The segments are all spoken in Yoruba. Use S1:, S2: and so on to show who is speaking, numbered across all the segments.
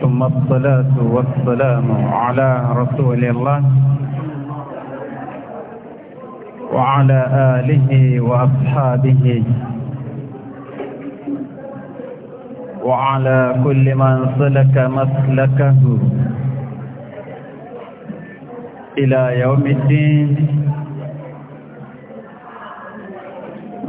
S1: ثم الصلاة والسلام على رسول الله وعلى آله وأصحابه وعلى كل من سلك مسلكه إلى يوم الدين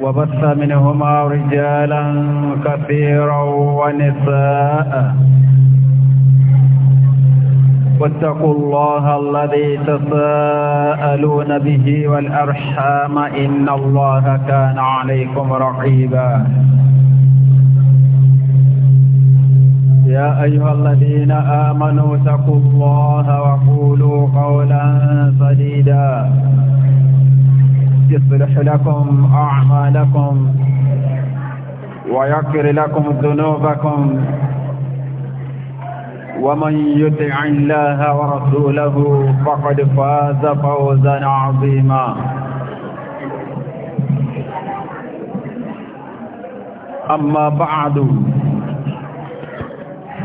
S1: وبث منهما رجالا كثيرا ونساء واتقوا الله الذي تساءلون به والأرحام إن الله كان عليكم رقيبا يا أيها الذين آمنوا اتقوا الله وقولوا قولا سديدا يصلح لكم أعمالكم ويغفر لكم ذنوبكم ومن يطع الله ورسوله فقد فاز فوزا عظيما أما بعد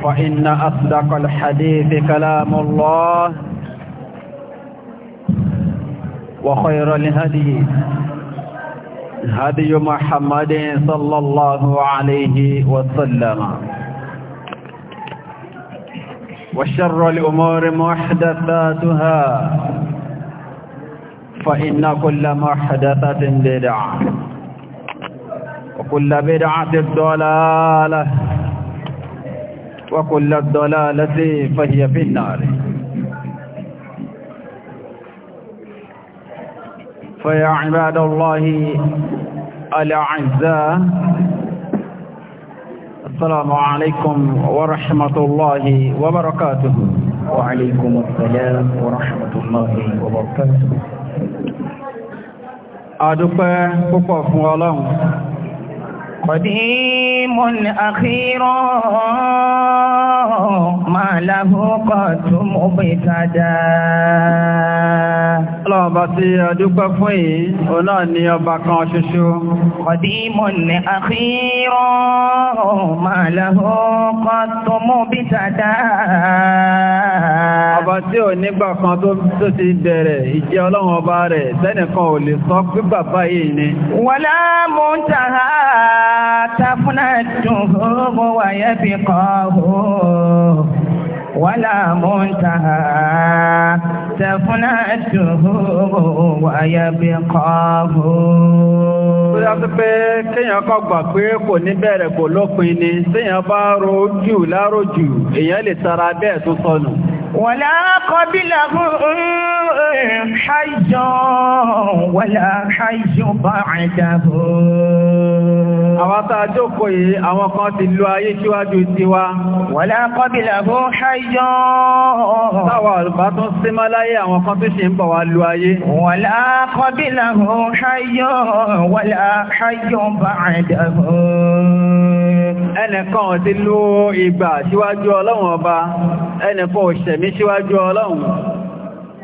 S1: فإن أصدق الحديث كلام الله وخير الهدي هدي محمد صلى الله عليه وسلم وشر الأمور محدثاتها فإن كل محدثة بدعة وكل بدعة ضلالة وكل الضلالة فهي في النار فيا عباد الله الأعزاء السلام عليكم ورحمة الله وبركاته وعليكم السلام ورحمة الله وبركاته
S2: أدوكي بقف ولو قديم أخيرا máa láhúkọ̀ tó mú bí tàdá. Ọlọ́ọ̀bá tí ọdúpẹ́ fún yìí, o náà ni ọba kan ṣoṣo. Ọdímọ̀ ní àkírọ̀ máa láhúkọ̀ tó mú bí tàdá. Ọba tí ò nígbà kan tó ti bẹ̀rẹ̀ ìjẹ́ ọlọ́run ọba
S1: rẹ̀ sẹ́nìkan ò lè sọ pé bàbá yìí ni.
S2: Wọ́lá mú tàhá tafúnà dùn ó wáyé bí kan ó. ولا منتهى تفناته ويبقاه ó yàtọ̀ pé kéèyàn kọ́ gbà pé
S1: kò ní bẹ̀rẹ̀ kò lópin ni téèyàn bá rojú lárojù èèyàn lè tara bẹ́ẹ̀
S2: tó sọnù wàlá kọbílà hajjọ́ wàlá hajjọ́ bá àjábọ̀ Àwọn
S1: tàà jókò yìí, àwọn kan ti lo ayé ṣíwájú ti wá. Wọ́lá kọ́bílà bó
S2: ṣáyọ́. Táwà
S1: bá tún sí mọ́ láyé àwọn kan tó ṣe ń bọ̀ wá lo ayé. Wọ́lá
S2: kọ́bílà bó ṣáyọ́, wọ́lá ṣáyọ́ bá
S1: àdàbò. Ẹnìkan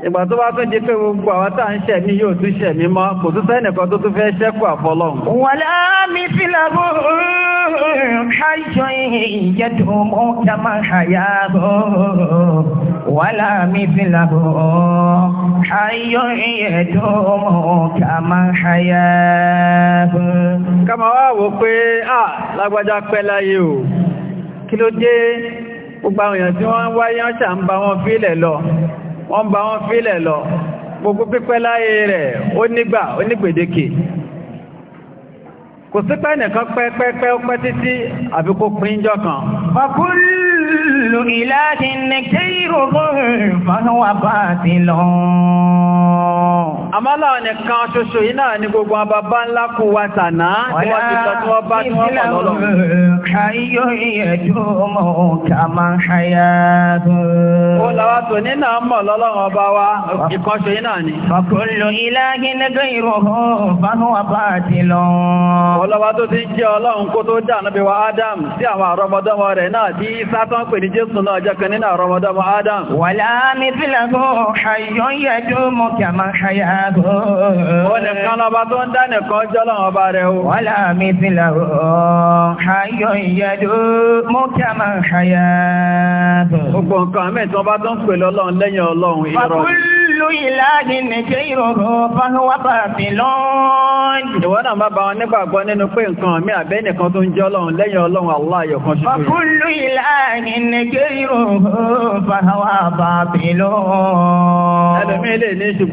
S1: ìgbà tó bá tún di pé gbogbo àwọn tá ń ṣẹ̀mí yóò tún ṣẹ̀mí mọ́ kò tún sẹ́nìkan tó tún fẹ́ ṣẹ́kù àfọlọ́hun.
S2: wọ́n láàmì sílẹ̀bù kájọ ìyẹ́dùn mọ́ dámà àyàbọ̀ wọ́n
S1: kí ló dé gbogbo àwọn èèyàn tí wọ́n ń wáyé ọ̀ṣà ń bá wọn fílẹ̀ lọ wọ́n bá wọn fílẹ̀ lọ gbogbo pípẹ́ láyé rẹ̀ ó nígbà ó ní gbèdéke kò sí pẹ́ nìkan pẹ́pẹ́pẹ́ ó pẹ́ títí àbí kó pín jọ kan.
S2: ọkùnrin ìlàdí nìkẹ́ ìrògbò ìfọ̀nwà bá ti lọ́ọ́.
S1: Àmọ́lá nìkan ṣoṣo yìí náà ni gbogbo àbàbá ńlá kú wa tàná tí tó. ti ń jẹ́ ọlọ́run kó tó dà níbi wa Adam sí àwọn àrọmọdọ́mọ rẹ̀ náà tí Sátán pè ní Jésù náà jẹ́ kan nínú àrọmọdọ́mọ Adam. Wàlá
S2: mi fìlà kàmá ṣayáàbò. Ó ní kánlọ́ba tó ń dání kan jọ́lọ́ ọba rẹ̀ o. Wọ́n là mí ti là ó. Ayọ̀ ìyẹ́dó mú kàmá ṣayáàbò. Gbogbo
S1: nǹkan mi tí wọ́n bá tó ń pè lọ́lọ́run lẹ́yìn ọlọ́run irọ́. Fàkúlù
S2: ìlàdí nìjẹ́ ìrọ̀rọ̀ fáwọ́pà sí lọ́ọ̀dì.
S1: Ìwọ náà má ba wọn nígbàgbọ́ nínú pé nǹkan mi àbẹ́ nìkan tó ń jọ́lọ́run lẹ́yìn ọlọ́run Allah kan ṣoṣo. Fàkúlù
S2: ìlàdí nìjẹ́ ìrọ̀rọ̀ fáwọ́pà sí lọ́ọ̀dì. Ẹlòmí ilé ní ṣùg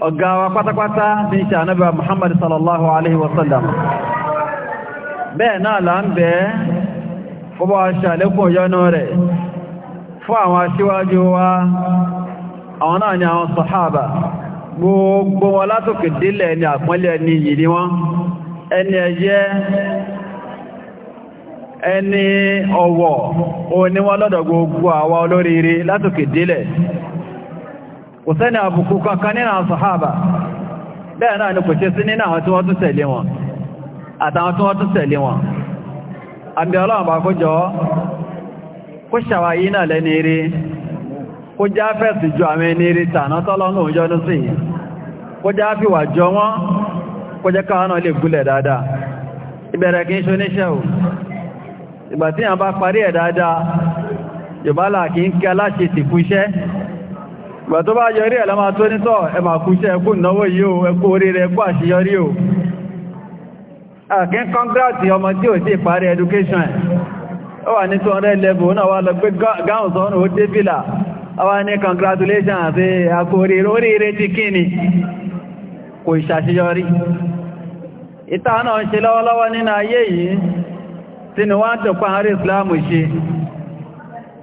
S1: Ogawa kpatakpata pátápátá ní ṣe ànábíwa Muhammad sallallahu alaihi wasallam bẹ́ẹ̀ náà là ń bẹ́ẹ̀ fọ́bọ̀ aṣàlékún yọ́nú rẹ̀ fún àwọn aṣíwájú wa àwọn náà àwọn sàhábà gbogbo wọn látòkè délẹ̀ ni àpọ́nlẹ̀ ni ni wọ́n ẹni ẹni ọ̀wọ̀ ke kò sẹ́ni àbùkù kankan nínú bẹ́ẹ̀ náà ni kò ṣe sí nínú àwọn tí wọ́n tún tẹ̀lé wọn àtàwọn tí wọ́n tún tẹ̀lé wọn àbí bá kó jọ kó ṣàwáyí náà lẹ́ni eré kó já fẹ́sì ju àwọn ẹni eré tàná tọ́lọ́ náà kó gbà tó bá yọrí ẹ̀ lọ́mà tó nítọ́ ẹmà kú iṣẹ́ ẹkú ìnáwó yíò ẹkú oríire ẹkú àṣeyọrí o àkín kọ́ngrátì ọmọ tí ò sí ìparí education ẹ̀ ó wà ní 200 level náà wà lọ pé gáhùn sọ́nà ó débìlà àwa ní congratulations àti àkórí oríire ti kí ni kò ìṣàṣeyọrí ìta náà ń ṣe lọ́wọ́lọ́wọ́ nínú ayé yìí sínú wá ń tọ̀pá àárí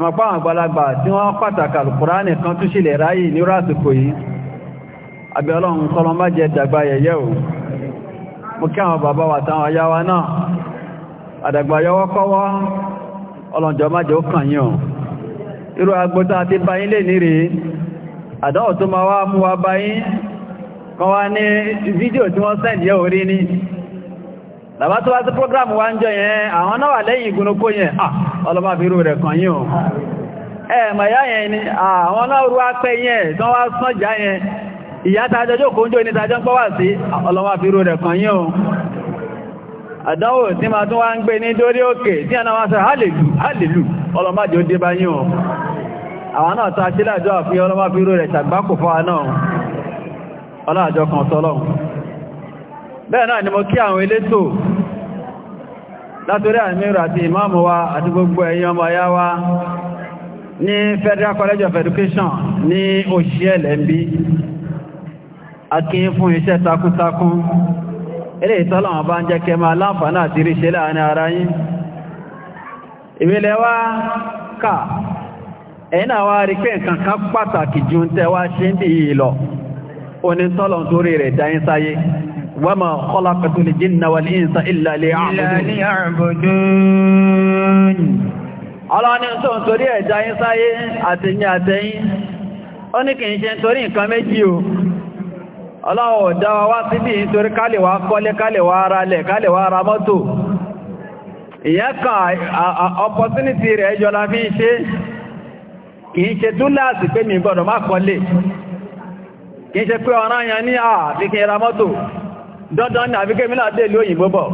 S1: wọn pa àwọn àgbàlagbà tí wọ́n pàtàkì alùkùránì kan tún ṣe lè ráyè ní rásìkò yìí àbí ọlọ́run kọlọ má jẹ dàgbà yẹ̀yẹ́ o mú kí àwọn bàbá wa táwọn ayáwa náà àdàgbà yọwọ́ kọ́wọ́ ọlọ́njọ́ má jẹ́ ó kàn yín o irú agbótá àti báyín lè ní rèé àdáwọ̀ tó máa wá mú wa báyín kan wá ní fídíò tí wọ́n sẹ́ndì yẹ́ orí ní bàbá tó wá sí program wá ń jọ yẹn àwọn náà wà lẹ́yìn ìgúnnukó yẹn ah, ọlọ́bá fi rú rẹ̀ kàn yín o ẹ̀mọ̀ ìyá yẹn ni ah, àwọn náà rú apẹ́ yẹn tán wá sánjà yẹn ìyá tajọ jókòó ń jò ní tajọ pọ́wà sí ọlọ́wà o àdánwò tí ma tún wá ń gbé ní dórí òkè tí a náà wá sọ dé bá àwọn náà àfihàn fi bẹ́ẹ̀ náà ni mo kí àwọn elétò látorí àmìrò àti ìmáàmù wa àti gbogbo eyi ọmọ ayá wa ní Federal College of Education ní òṣìẹ́lẹ̀ ń bí fún iṣẹ́ takuntakun ilé ìtọ́lọ̀wọ̀n bá ń jẹ́ kẹ wa ẹ̀yìn àwọn arípẹ́ nǹkan pàtàkì ju ń tẹ́wàá ṣe ń bí ìlọ̀ onítọ́lọ̀ torí rẹ̀ dáyín sáyé وما خلقت الجن والإنس إلا ليعبدون Ọlọ́ni tó ń torí ẹ̀dá yín sáyé àtẹ̀yìn àtẹ̀yìn, ó ní kìí ṣe torí nǹkan méjì o. Ọlọ́wọ̀ dáwà wá síbí nítorí kálẹ̀ wá kọ́lé, kálẹ̀ wá ara lẹ̀, kálẹ̀ wá ara mọ́tò. Ìyẹ́ kan opportunity rẹ̀ jọla fi ń ṣe, kìí ṣe túláàsì pé mi gbọ́dọ̀ má kọ́lé, kìí ṣe pé ọ̀rán yẹn ní àà dandan ní àfikẹ́ mínà dé ìlú òyìnbó bọ̀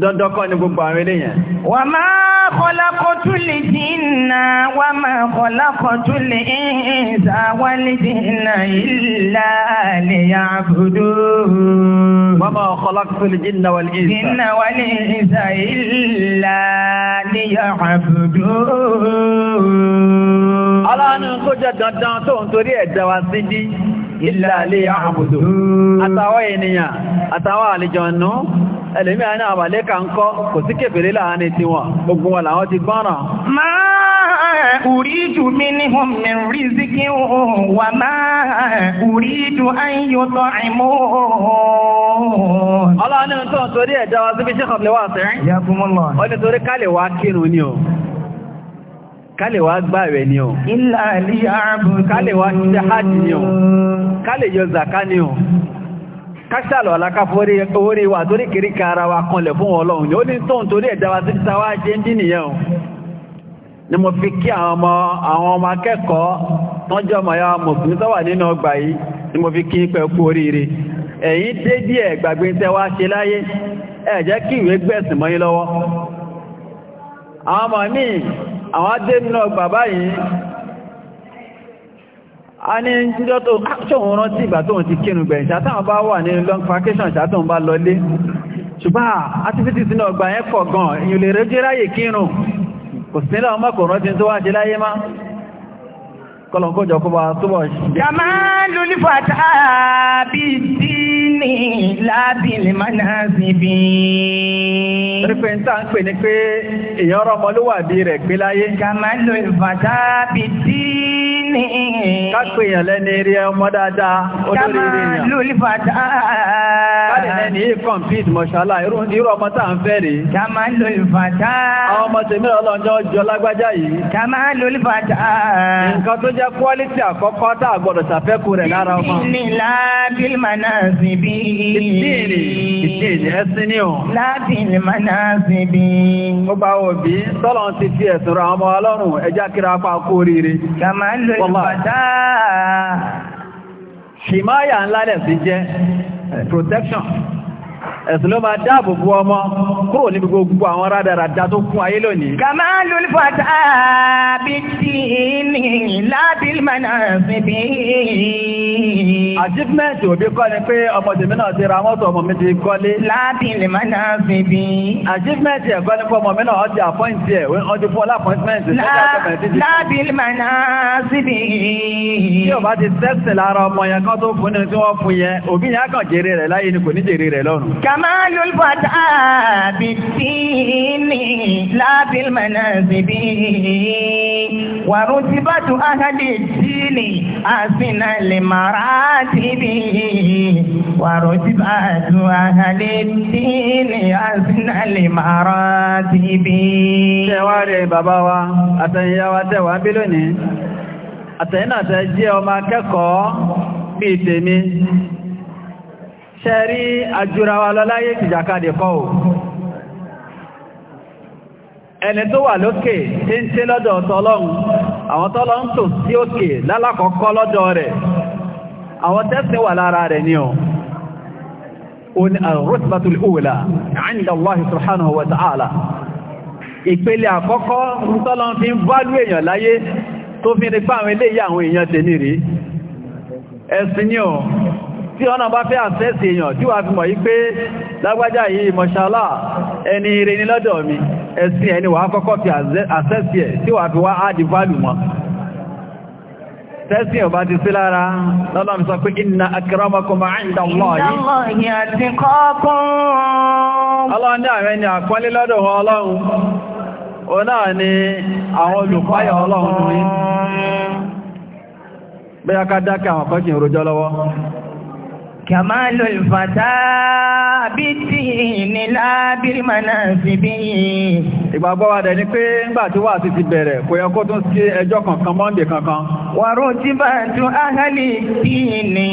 S1: dandan kọ́ ni gbogbo àwọn eléyàn.
S2: wà máa kọ́lákọ́ tún lè dínà wà máa kọ́lákọ́ tún lè ẹ̀ẹ́sà wà lè dínà ìlà lè yà àbúdó. wà máa kọ́lákọ́ tún lè dínà wà lè ẹ̀ẹ́sà. dínà wà lè ẹ̀ẹ́sà ìlà lè yà àbúdó.
S1: aláàánú kó jẹ́ dandan tó ń torí ẹ̀dá wa sí bí ìlà lè àtàwọn ènìyàn àtàwọn àlejò ọ̀nà ẹlòmíràn náà wà lẹ́ ka nkọ kò sí kèfèrè láàárín tí wọn ogun ti gbọ́ràn
S2: máa uridu minhum min rizqin wa máa uridu an yut'imun ọlọ́ni tó ń torí ẹ̀dá wa síbi ṣẹ́kọ̀ lè
S1: wà sẹ́rin ó ní torí ká lè kírun ni o ká lè wá ni o ká lè ṣe káṣàlọ̀ alákàfórí orí wà tó ní kiri kára wa kanlẹ̀ fún ọlọ́run yóò ní tóun torí ẹ̀dáwà sí tàwà jẹ́ ń dí nìyẹn ni mo fi kí àwọn ọmọ àwọn ọmọ akẹ́kọ̀ọ́ tán ọmọ ya mùsùlùmí tó nínú ọgbà yìí ni mo fi kí pẹ̀ kú oríire ẹ̀yin dé díẹ̀ gbàgbé tẹ́ wá ṣe láyé ẹ jẹ́ kí ìwé gbẹ̀sìn mọ́ yín lọ́wọ́ àwọn ọmọ míì àwọn adé nínú ọgbà báyìí a ní jíjọ́ tó ṣòun rántí ìgbà tóun ti kínú gbẹ̀yìn ṣàtàn bá wà ní long vacation ṣàtàn bá lọlé ṣùgbọ́n activities náà gbà yẹn pọ̀ gan lè rẹ́jẹ́ ráyè kírùn
S2: rífẹ́ntà ń pè ní pé èèyàn rọmọlúwàbí rẹ̀ gbé láyé. jamalu li fata bí dínì ní. Kápèyàn lẹ́ni rí ọmọ dáadáa, olórí rí yàn. Kàmá lórí fàtà. Káàdì
S1: lẹ́ni yìí compete mọ̀ṣálá, irú ọmọ tá à ń fẹ́ rí. Kàmá lórí fàtà. Àwọn ọmọ tèmi ọlọ́njọ́ jọ lágbájá yìí. Kàmá lórí fàtà. Nǹkan tó jẹ́ quality àkọ́kọ́ tá a gbọ́dọ̀ ṣàfẹ́kù rẹ̀ lára ọmọ. Ní
S2: lábìlmánà sí bí. Ìdíèrè ìdíèrè ẹsìn ni ò. Lábìlmánà
S1: sí bí. Gbogbo àwọn òbí tọ́lọ́ ti fi ẹ̀sùn ra ọmọ ọlọ́run ẹjá kíra pa kú oríire. Kàmá lórí Bàtà ṣìmáyà ńlá lẹ̀ sí jẹ́ eh, protection. Ẹ̀sùn ló máa dáàbò bú ọmọ kúrò níbi gbogbo àwọn rádaràdá tó kún ayé lónìí. Kàmáàlù fàtà
S2: bí tí ní lábílmà náà sí bí i achievement
S1: òbí kọ́ ni pé ọmọ tèmi náà ti ra mọ́tò ọmọ mi ti kọ́lé. láti lè má náà fi bí. achievement ẹ̀kọ́ ni pé ọmọ mi náà ti appoint ẹ̀ wọ́n ti fún ọlá appointment. láti
S2: lè má náà sí bí. tí o bá ti tẹ́sí lára ọmọ yẹn kan tó fún ni tí wọ́n
S1: fún yẹn òbí yẹn á kàn jèrè rẹ̀ láyé ni
S2: حسبي ورتبات أهل الدين أسنى لمراتب ṣẹwàárẹ̀ bàbá wa àtẹ̀yìnyá wa tẹ́wà bí
S1: lónìí àtẹ̀yìnà tẹ́ jẹ́ ọmọ akẹ́kọ̀ọ́ bí tèmi ṣe rí àjúra wa lọ́láyé ìjàkadì kọ́ ò ẹni tó wà lókè tí ń tí lọ́dọ̀ tọ́lọ́run àwọn tọ́lọ́ ń sí òkè lálákọ̀ọ́kọ́ lọ́dọ̀ rẹ̀ àwọn tẹ́sẹ̀ wà lára rẹ̀ ní ọ̀ òun ar-rutbatul ula 'inda Allah subhanahu wa ta'ala ìpele àkọ́kọ́ tọ́lọ́n fi ń válú èèyàn láyé tó fi rí pàwọn ilé ìyá àwọn èèyàn tẹ̀ nírí ẹ̀sìn ní ọ̀ tí ọ̀nà bá fẹ́ àṣẹ́sì èèyàn tí wà fi mọ̀ yí pé tẹ́sí ọba ti sí lára lọ́lọ́m sọ pé inna akramakum inda Allahi ọlọ́run ní àwọn ẹni àpọ́nlé lọ́dọ̀ ọlọ́run o náà ni àwọn olùpáyà ọlọ́run rí
S2: bẹ́yà ká dákẹ́ àwọn kọ́kì ìròjọ́ lọ́wọ́ كمال الفتى بالدين لا بالمناسب
S1: ìgbàgbọ́ wa dẹ̀ ni pé ńgbà tí wà sí ti bẹ̀rẹ̀ kò yẹ kó tún sí ẹjọ́ kankan mọ́ndé kankan.
S2: wàrú tí bá tu áhálì tí ní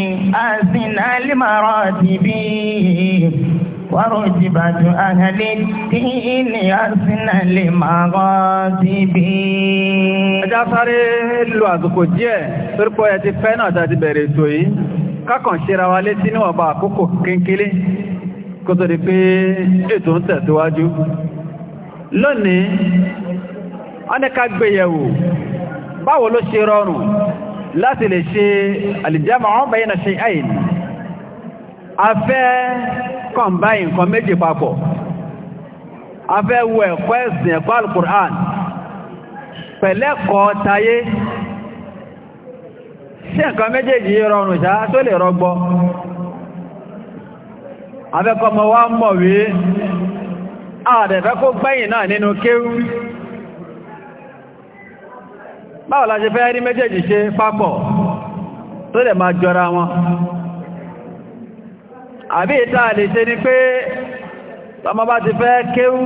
S2: àsìnà límọ̀rọ̀ ti bí wàrú tí bá tu áhálì tí ní àsìnà límọ̀rọ̀ ti bí. ẹja
S1: sáré lu àsìkò díẹ̀ torí pé ẹ ti fẹ́ náà tá a ti bẹ̀rẹ̀ ètò yìí kákàn ṣera wa létí níwọ̀nba àkókò kéńkélé kó tó di pé ètò ń tẹ̀síwájú lónìí a ní ká gbéyẹ̀wò báwo ló ṣe rọrùn láti lè ṣe al-jam'u bayna shay'ayn a fẹ́ kọmbáyìn nǹkan méjì papọ̀ a wo ẹ̀kọ́ ẹ̀sìn ẹ̀kọ́ al pẹ̀lẹ́kọ̀ọ́ tayé ṣe nǹkan méjèèjì rọrùn ṣá tó lè rọgbọ abẹ́kọmọ wa mọ̀wé àdẹ̀fẹ́ kó gbẹ̀yìn náà nínú kéwú báwo la ṣe fẹ́ rí méjèèjì ṣe pápọ̀ tó lè máa jọra wọn àbí ìta lè ṣe ni pé tọmọ bá ti fẹ́ kéwú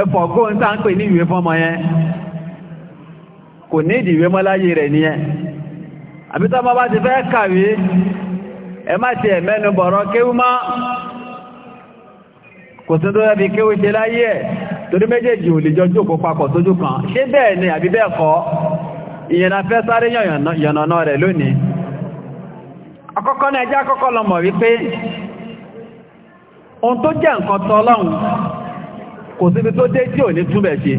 S1: ẹfọ̀góhun tá ń pè ní ìwé fọ́mọ yẹn kò ní ìdíwé mọ́láyé rẹ̀ nìyẹn àbítọ́ bá bá ti fẹ́ kàwé ẹ má ti ẹ̀mẹ́nu bọ̀rọ̀ kéwú má kò tún tó rẹ́bí kéwú ṣe láyé ẹ̀ torí méjèèjì papọ̀ sójú kan ṣé bẹ́ẹ̀ ni àbí bẹ́ẹ̀ kọ́ ìyẹn sáré rẹ̀ lónìí ẹjẹ́ lọ mọ̀ wípé ohun tó jẹ́ nǹkan kò síbi tó dé tí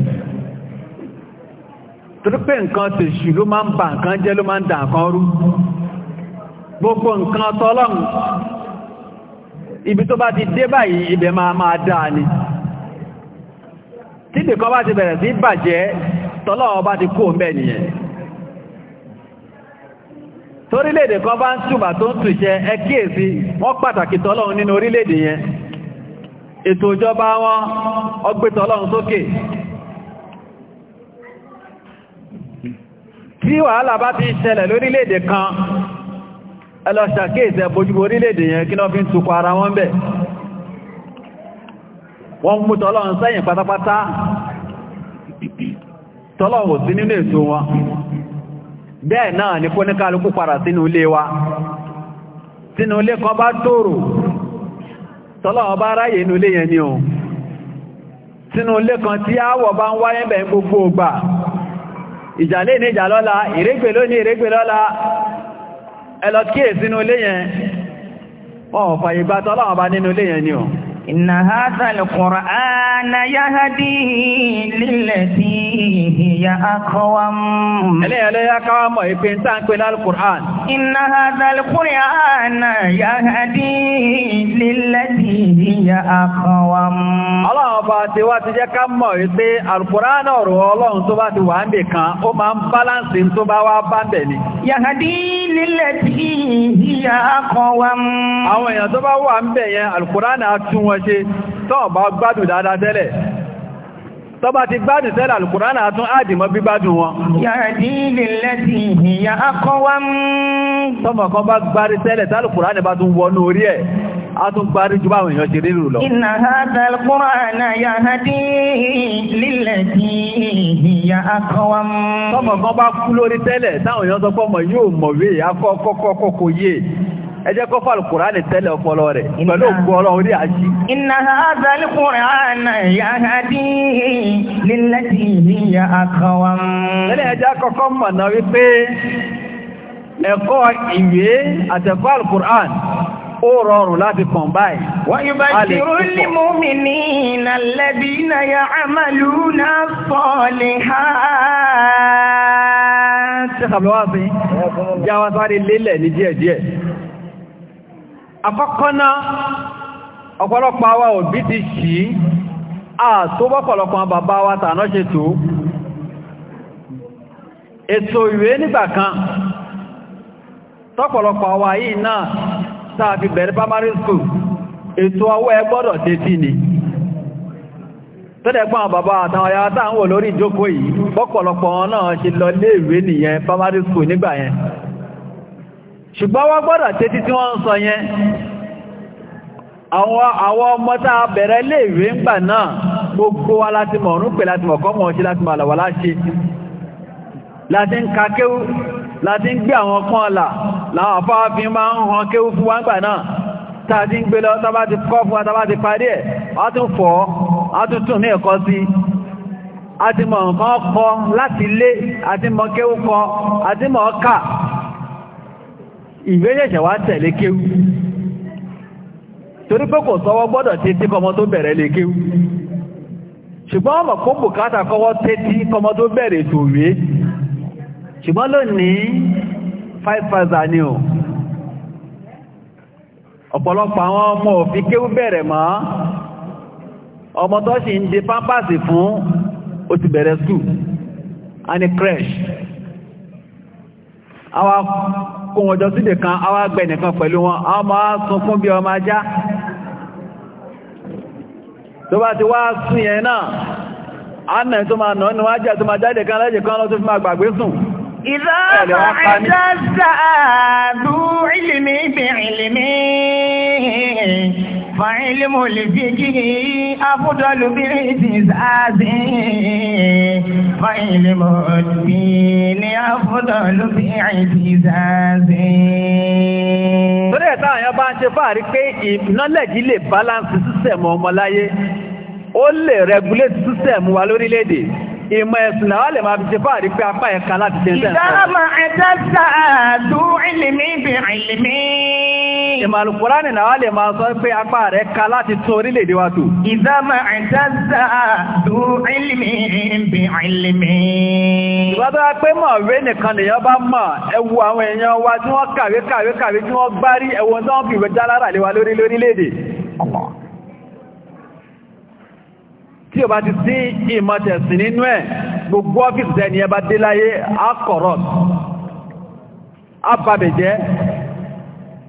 S1: torípé nǹkan tèṣù ló máa ń ba nǹkan jẹ́ ló máa ń dà nǹkan rú gbogbo nǹkan tọ́lọ́run ibi tó bá ti dé báyìí ibẹ̀ máa máa dáa ni tí nìkan bá ti bẹ̀rẹ̀ sí bàjẹ́ tọ́lọ́run bá ti kó mẹ́ nìyẹn torílẹ̀-èdè kan bá ń ṣùgbà tó ń tùṣẹ́ ẹ kíyèsí wọ́n pàtàkì tọ́lọ́run nínú orílẹ̀-èdè yẹn ètò ìjọba wọn ọgbẹ́tọ́lọ́run sókè tí wàhálà bá ti ń ṣẹlẹ̀ lórílẹ̀-èdè kan ẹlọ́ṣàkéèsẹ̀ bójúbò orílẹ̀-èdè yẹn kí náà fi ń tukọ̀ ara wọn bẹ̀ wọ́n mú tọ́lọ́run sẹ́yìn pátápátá tọ́lọ́run sí nínú ètò wọn bẹ́ẹ̀ náà ni kó ní kálukú padà sínú ilé wa sínú ilé kan bá tòrò tọ́lọ́run bá ráyè inú ilé yẹn ni o sínú ilé kan tí áwọ̀ bá ń wáyé bẹ̀ gbogbo ògbà ìjàlé ní ìjà lọ́la ìrégbè lónìí ìrégbè lọ́la ẹlọ kíè sínú ilé yẹn wọ́n ò fàyè gbátọ́ láwọn bá nínú ilé ni ò إن هذا
S2: القرآن يهدي للتي هي أقوم
S1: ألا ألا يا قوم إبنتان كنا القرآن
S2: إن هذا القرآن يهدي للتي هي أقوم الله
S1: باتي واتي جاكا مويتي القرآن ورولون تباتي وانبي كان ومن بالانسي تباوا باندني يهدي للتي هي أقوم أولا تباوا وانبي القرآن أتون ṣe tọ́ bá gbádùn dáadáa tẹ́lẹ̀ tọba ti gbádùn tẹ́lẹ̀ alùkùránà tún àdìmọ́ bí gbádùn wọn tọ́mọ̀ kan bá gbárí tẹ́lẹ̀ tálùkùránà bá tún wọnú orí ẹ̀ a tún gbárí jù báwọn èèyàn ṣe rírù lọ inna
S2: hadha alqur'ana yahdi lillati hiya aqwam
S1: tọ́mọ̀ kan bá kú lórí tẹ́lẹ̀ táwọn èèyàn sọ pọ́mọ̀ yóò mọ̀wé akọ́kọ́kọ́kọ́ yé ẹjẹ́ kọ́ fà alùkùránì tẹ́lẹ̀ ọpọlọ rẹ̀ pẹ̀lú ògbọ́ ọlọ́run orí àjí.
S2: iná àzàlùkùránì yahadi lílẹ́tì ìyá àkọwà. tẹ́lẹ̀ ẹjẹ́ kọ́kọ́ mọ̀nà wípé ẹ̀kọ́ ìwé àtẹ̀kọ́
S1: alùkùránì ó rọrùn láti kàn báyìí. wọ́n yóò bá ṣírò ní múmi
S2: ní ìnàlẹ́bí náà yà ámàlú náà sọ̀ọ́lì ha ṣe kàbí sí jáwá sáré lélẹ̀ ní díẹ̀díẹ̀
S1: àkọ́kọ́ náà ọ̀pọ̀lọpọ̀ àwa òbí ti ṣì á tó bọ́pọ̀lọpọ̀ bàbá wa tàná ṣe tó ètò ìwé nígbàkan tọ́pọ̀lọpọ̀ àwa yìí náà sáà fi bẹ̀rẹ̀ primary school ètò ọwọ́ ẹ gbọ́dọ̀ ni tọ́dẹ̀gbọ́n bàbá àtàwọn ọ̀yá táwọn olórí ìjókòó yìí bọ́pọ̀lọpọ̀ náà ṣe lọ nìyẹn primary school nígbà ṣùgbọ́n wọ́n gbọ́dọ̀ tẹ́tí tí wọ́n ń sọ yẹn àwọn àwọn ọmọ tá a bẹ̀rẹ̀ léèwé ńgbà náà gbogbo wa láti mọ̀ ọ̀rún pè láti mọ̀ kọ́mọ̀ ṣe láti mọ̀ àlàwà láṣe láti ń ka kéwú láti ń gbé àwọn kan ọ̀là láwọn àfáàfin máa ń hàn kéwú fún mọ̀ nǹkan kọ láti lé a mọ̀ kéwú kọ a mọ̀ ká ìwé ṣẹ̀ṣẹ̀ wá tẹ̀lé kéwú torí pé kò sọ́wọ́ gbọ́dọ̀ tẹ́tí kọmọ tó bẹ̀rẹ̀ lè kéwú ṣùgbọ́n ọmọ kó bùkátà kọwọ́ tẹ́tí kọmọ tó bẹ̀rẹ̀ tó rí ṣùgbọ́n lónìí 5,000 ni o ọ̀pọ̀lọpọ̀ àwọn ọmọ òfin kéwú bẹ̀rẹ̀ mọ́ ọmọ tó ṣì ń di pápásì fún ó ti bẹ̀rẹ̀ skú a ní crash kó wọn jọ sídè kan a wá gbẹ̀ nìkan pẹ̀lú wọn a máa sunkún bí ọmọ ajá tó bá ti wá sún yẹn náà a nà tó máa nà ní wájá tó máa jáde kan lẹ́jẹ̀ kan lọ́tún fi
S2: máa sùn Ìlọ́ àìjọ́ fàílìmù lè fi kiri afúdọ́lù bí i ti sáàzì fàílìmù bí ní afúdọ́lù bí i ti sáàzì.
S1: Torí ẹ̀ta àyàn bá ń ṣe fàárí pé ìnọ́lẹ̀jì lè báláǹsì sísẹ̀mù ọmọláyé, ó lè rẹ̀gúlẹ̀tì sísẹ̀mù wa lórílẹ̀-èdè ìmọ̀ ẹ̀sùn làwọn lè máa fi ṣe fáàrí pé apá ẹ̀ka láti ṣe ń tẹ̀sán ìmọ̀ alùkùránì náà lè máa sọ pé apá rẹ̀ ká láti tó orílẹ̀-èdè wa tó. ìzámà
S2: ìtàzà dù ilmi bí ilmi. ìbátọ́
S1: pé mọ̀ wé nìkan lèyàn bá mọ̀ ẹwu àwọn èèyàn wa tí wọ́n kàwé kàwé kàwé tí o bá ti sí ìmọ̀tẹ̀sìn nínú ẹ̀ gbogbo ọ́fíìsì ẹni ẹ bá dé láyé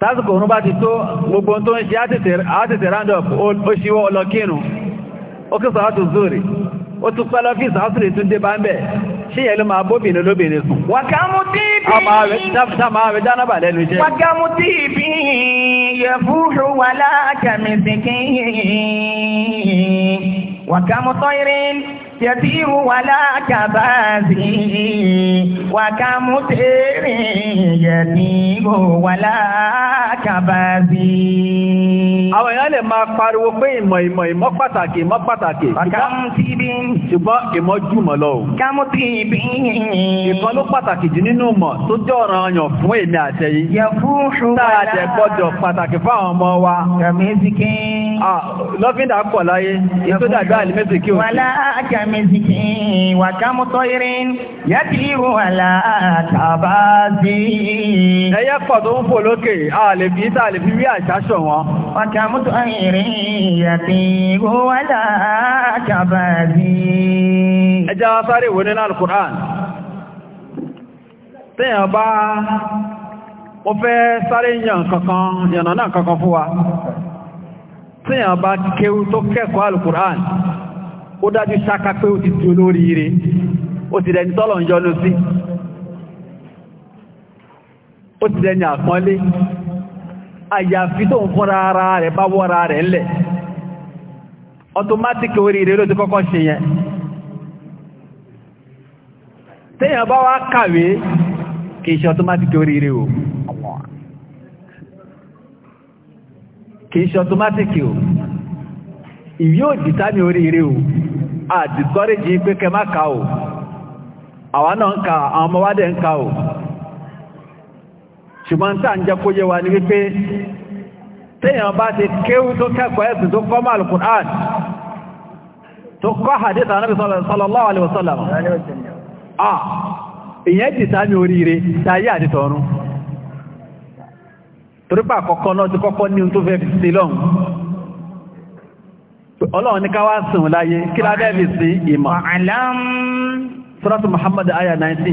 S1: tásìkò òun bá ti tó gbogbo tó ń ṣe àtẹ̀tẹ̀ roundup ó ṣíwọ́ ọlọ́kírùn ó kí sọ́hátù zóòrì ó tún pẹ́ lọ́fíìsì ásìrì tún dé bá ń bẹ̀ ṣí yẹ̀ ló bóbìnrin lóbìnrin sùn wàkàmù
S2: tí bí yẹ wàkàmùtẹ́rì yẹ̀dí kò wà lákàbàbí. àwọn èèyàn lè máa
S1: pariwo pé ìmọ̀ ìmọ̀ ìmọ̀ pàtàkì ìmọ̀ pàtàkì. wàkàmùtìbí. ṣùgbọ́n ìmọ̀ jù mọ̀ lọ o. kàmùtìbí. ìkan ló pàtàkì jù nínú mọ̀ tó jẹ́ ọ̀ràn ọyàn fún èmi àṣẹ yìí. yẹ fún ṣùgbọ́n. tá a jẹ gbọ́dọ̀ pàtàkì fáwọn ọmọ wa. kàmí Ah, lọ́fíndà kọ̀ láyé tó dàgbà àlìmẹ́sì kí o wà láàájá
S2: mẹ́sì kí wà kámútọ́ irin yá ti rú wà láàtàbá sí
S1: ẹyẹ pọ̀ tó ń fò lókè àlèbí tàlèbí rí àṣáṣọ̀ wọn
S2: wà kámútọ́ irin yá ti rú wà láàtàbá sí ẹjá
S1: sáré wo nínú fẹ́ sáré yàn kankan yànnà náà kankan fún wa tíyàn bá kéwú tó kẹ́kọ̀ọ́ alùkùrán ó dájú ṣáká pé ó ti tí olórí ire ó ti dẹni tọ́lọ̀ ń yọnu sí ó ti dẹni àpọ́nlé àyàfi tó ń fúnra ara rẹ̀ bá wọ́ra rẹ̀ ńlẹ̀ ire ló ti kọ́kọ́ ṣe yẹn bá wá kàwé kìí ṣe ire o. kìí ṣe ọtọmátìkì o yóò dìtá ní oríire o àdìsọ́rẹ́jì pé kẹ má o àwa náà ń ka àwọn ọmọ ń ka o ṣùgbọ́n tá ń jẹ́ kó yé wa ní wípé to bá ti kéwú tó kẹ́kọ̀ọ́ ẹ̀sìn tó kọ́ máa tó kọ́ hadith Ànábì sallallahu alaihi wasallam adi torípa àkọ́kọ́ náà ti kọ́kọ́ ní tó fẹ́ fi sí lọ́hùn ọlọ́run ní káwàá sùn láyé kí lábẹ́ fi sí ìmọ̀ Suratu Muhammad aya 19.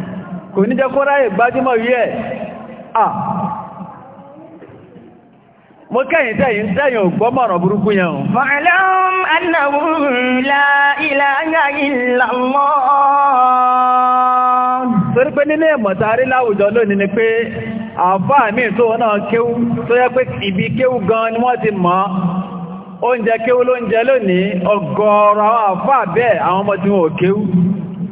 S1: kò ní jẹ́ kó ráyè gbájúmọ̀ yí
S3: ẹ̀ à
S1: mo kẹ́yìn tẹ́yìn tẹ́yìn ògbọ́mọ̀ràn burúkú yẹn o.
S2: fa'lam annahu la
S1: láwùjọ lónìí ni pé àfáà mi tó náà kéwú tó yẹ pé ibi kéwú gan ni wọ́n ti mọ̀ oúnjẹ kéwú lóúnjẹ lónìí ọgọ́rọ̀ àwọn àfáà bẹ́ẹ̀ àwọn ọmọ tí wọn kéwú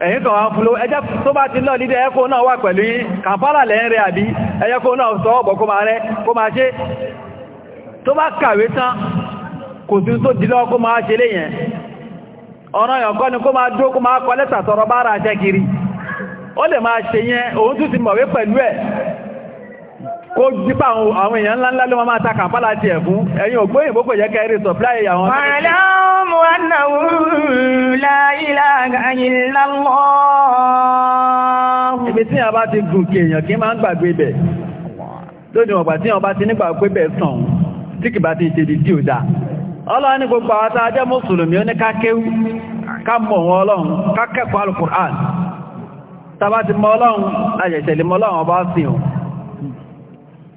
S1: ẹ̀yìn kan wọ́n fúlò ẹjẹ́ tó bá ti lọ lídẹ̀ ẹ̀kọ́ náà wà pẹ̀lú kàfàrà nri àbí ẹ̀yẹ́kọ́ náà sọ ọ̀bọ̀ kó máa rẹ́ kó máa ṣe tó bá kàwé tán kò sí tó dìlọ́ kó máa ṣe léyẹn ọ̀nà ni kó máa dó kó jípa àwọn èèyàn ńláńlá ló máa ta kàmpálà ti ẹ̀ fún ẹ̀yin ògbó òyìnbó kò jẹ́ kẹrì sọ̀pláì àwọn ọmọ
S2: la ilaha illallah ibi tí a
S1: bá ti gùnkè èèyàn kí máa ń
S2: gbàgbé bẹ̀ lónìí
S1: ọ̀gbà tí ọba ti nígbà pé bẹ̀ sàn tí kìbá ti ṣe di díò dá ọlọ́run ní gbogbo àwọn tàájẹ́ mùsùlùmí ó ní ká kéwú ká mọ̀ wọn ọlọ́run ká kẹ́kọ̀ọ́ alùkùrán tàbá ti mọ̀ ọlọ́run ayẹ̀ṣẹ̀lẹ̀ mọ̀ ọlọ́run ọba sí òun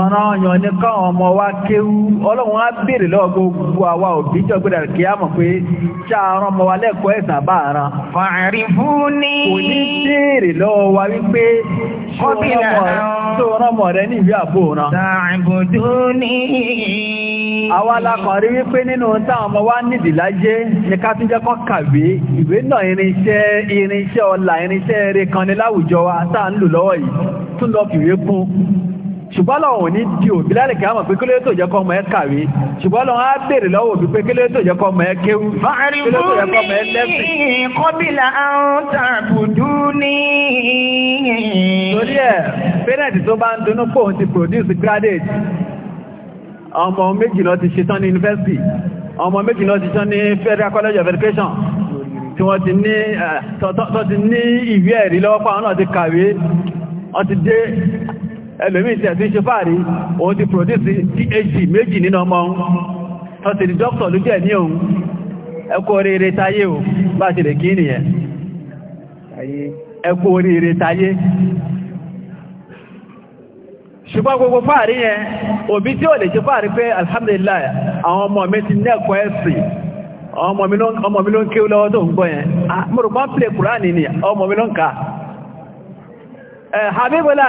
S1: ọ̀ràn ọ̀yàn ní ọmọ wa kéwú ọlọ́run á bèèrè lọ́wọ́ gbogbo àwa òbí kí á mọ̀ pé ṣáàrán ọmọ wa lẹ́kọ̀ọ́ ẹ̀sà bá ara lọ́wọ́ ní alákọ̀ọ́rí wípé nínú táwọn ọmọ wa ní ká tún jẹ́ kọ́ kàwé ìwé náà irinṣẹ́ irinṣẹ́ ọlà irinṣẹ́ eré kan ní láwùjọ wa ń lò lọ́wọ́ ṣùgbọ́n lọ́wọ́ ní di òbí lálẹ́kẹ́ àmọ̀ pé kílódé tó jẹ́ kọ́ ọmọ ẹ kàwé ṣùgbọ́n lọ́wọ́ á béèrè lọ́wọ́ òbí pé kílódé tó jẹ́ kọ́ ọmọ ẹ kéwú kílódé tó jẹ́ kọ́ ọmọ
S2: ẹ lẹ́sìn.
S1: ọmọ méjì lọ ti ṣetán ní yunifásitì ọmọ méjì lọ ti ṣetán ní Federal College of Education tí wọ́n ti ní eh, ìwé ẹ̀rí lọ́wọ́ pa àwọn náà ti kàwé wọ́n ti dé ẹlòmíì tí ẹ̀sìn ṣe fàárí òun ti produce phd méjì nínú ọmọ òun tọ́sí di dókítà ló jẹ́ ní òun ẹkú oríire táyé o bá ti lè kí nìyẹn ẹkú oríire táyé ṣùgbọ́n gbogbo fàárí yẹn òbí tí ó lè ṣe fàárí pé alhamdulillah àwọn ọmọ mi ti nẹ́ẹ̀kọ́ ẹ̀sìn ọmọ mi ló ń kéwú lọ́wọ́ tó ń gbọ́ yẹn mọ̀rùn-ún pílẹ̀ kùránì ni ọmọ mi ló ń ka Habibola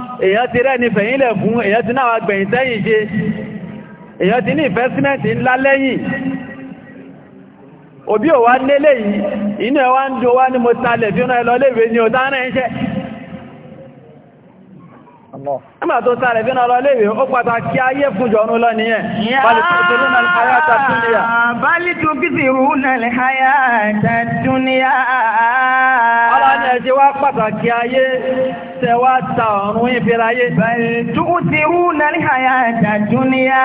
S1: èyàn ti rẹ́ ni fẹ̀yìnlẹ̀ fún èyàn ti náà gbẹ̀yìn tẹ́yìn ṣe èyàn ti ní investment ńlá lẹ́yìn òbí ò wá nílé yìí inú ẹ̀ wá ń do wá ní mo talẹ̀ bí ó náà lọ léèwé ni ò dáná ẹ̀ṣẹ́ Nígbà tó sáré fi náà lọ léèwé, ó pàtàkì ayé fún jọ̀ọ́nú lọ nìyẹn.
S2: Bálí tó kí sí rú nàlẹ̀ háyà tàdúníyà. Ọlọ́ni ẹ̀ ṣe wá pàtàkì ayé tẹ wá ta ọ̀run ìfẹ́ráyé. Bálí tó kí sí rú nàlẹ̀ háyà tàdúníyà.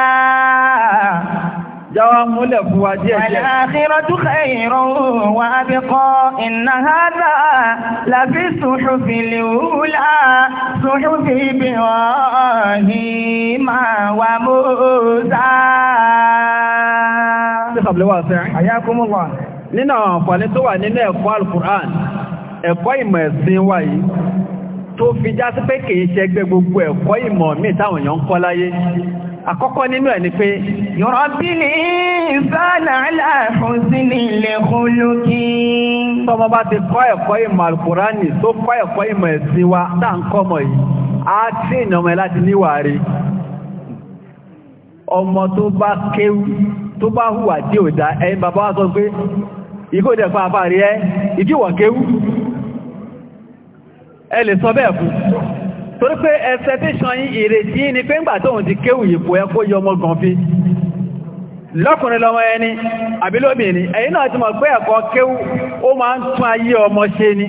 S2: Jáwá múlẹ̀ fún wa díẹ̀ díẹ̀. Al-akhiratu khayrun wa abqa. Inna hadha lafi suhufil ula. Suhufi Ibrahima wa Musa. Ṣé kàbílẹ̀ wà sẹ́yìn? Hayyakumullah. Nínú àwọn àǹfààní
S1: tó wà nínú ẹ̀kọ́ al ẹ̀kọ́ ìmọ̀ ẹ̀sìn wa yìí, tó fi já sí pé kìí ṣe ẹgbẹ́ gbogbo ẹ̀kọ́ ìmọ̀ míì táwọn èèyàn ń kọ́ láyé àkọ́kọ́ nínú ẹ̀ ni pé
S2: yọ̀rọ̀bílì ìfàànà aláàfúnsílì ilẹ̀kùn
S1: lókè tọmọ bá ti kọ́ ẹ̀kọ́ ìmọ̀ alkùránì tó kọ́ ẹ̀kọ́ ìmọ̀ ẹ̀sìn wa tá ń kọ́mọ̀ yìí á tí ìyànmọ̀ láti níwàárí ọmọ tó bá kéwú tó bá hùwà dí òdá ẹ̀yìn bàbá wa sọ pé ìkó Ele sọ bẹ́ẹ̀ fún torí pé ẹsẹ̀ tí ṣan ìrètí ni pé ti ọmọ gan fi lọ́kùnrin lọ́mọ ẹni àbí lóbìnrin náà ti mọ̀ pé ẹ̀kọ́ kéwù ó máa ń tún ayé ọmọ ṣe ni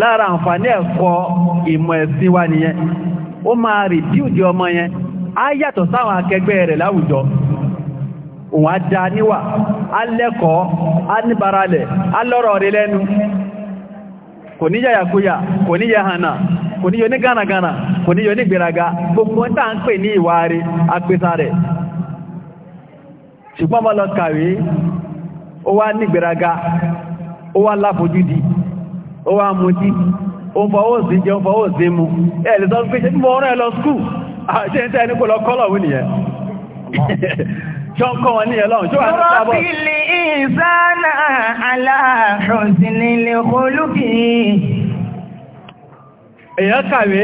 S1: lára àǹfààní ẹ̀kọ́ ìmọ̀ ẹ̀sìn wa nìyẹn ó máa ọmọ yẹn á yàtọ̀ sáwọn akẹgbẹ́ rẹ̀ láwùjọ òun á níwà kò ní kóyà kò ní yàhànà kò ní yọ ní gánagánà kò ní yọ ní gbogbo ń ní ìwà rí apẹta rẹ̀ ṣùgbọ́n bá lọ kàwé ó wá ní gbèraga ó wá láfojúdi ó wá mutí ó ń
S2: fọwọ́ jọ ń kọ́ wọn ní ẹlọ́run tó wà ní sábọ̀. rọ́bìlì ìsánà aláhùnsìnlẹ̀ olùkì.
S1: èèyàn kàwé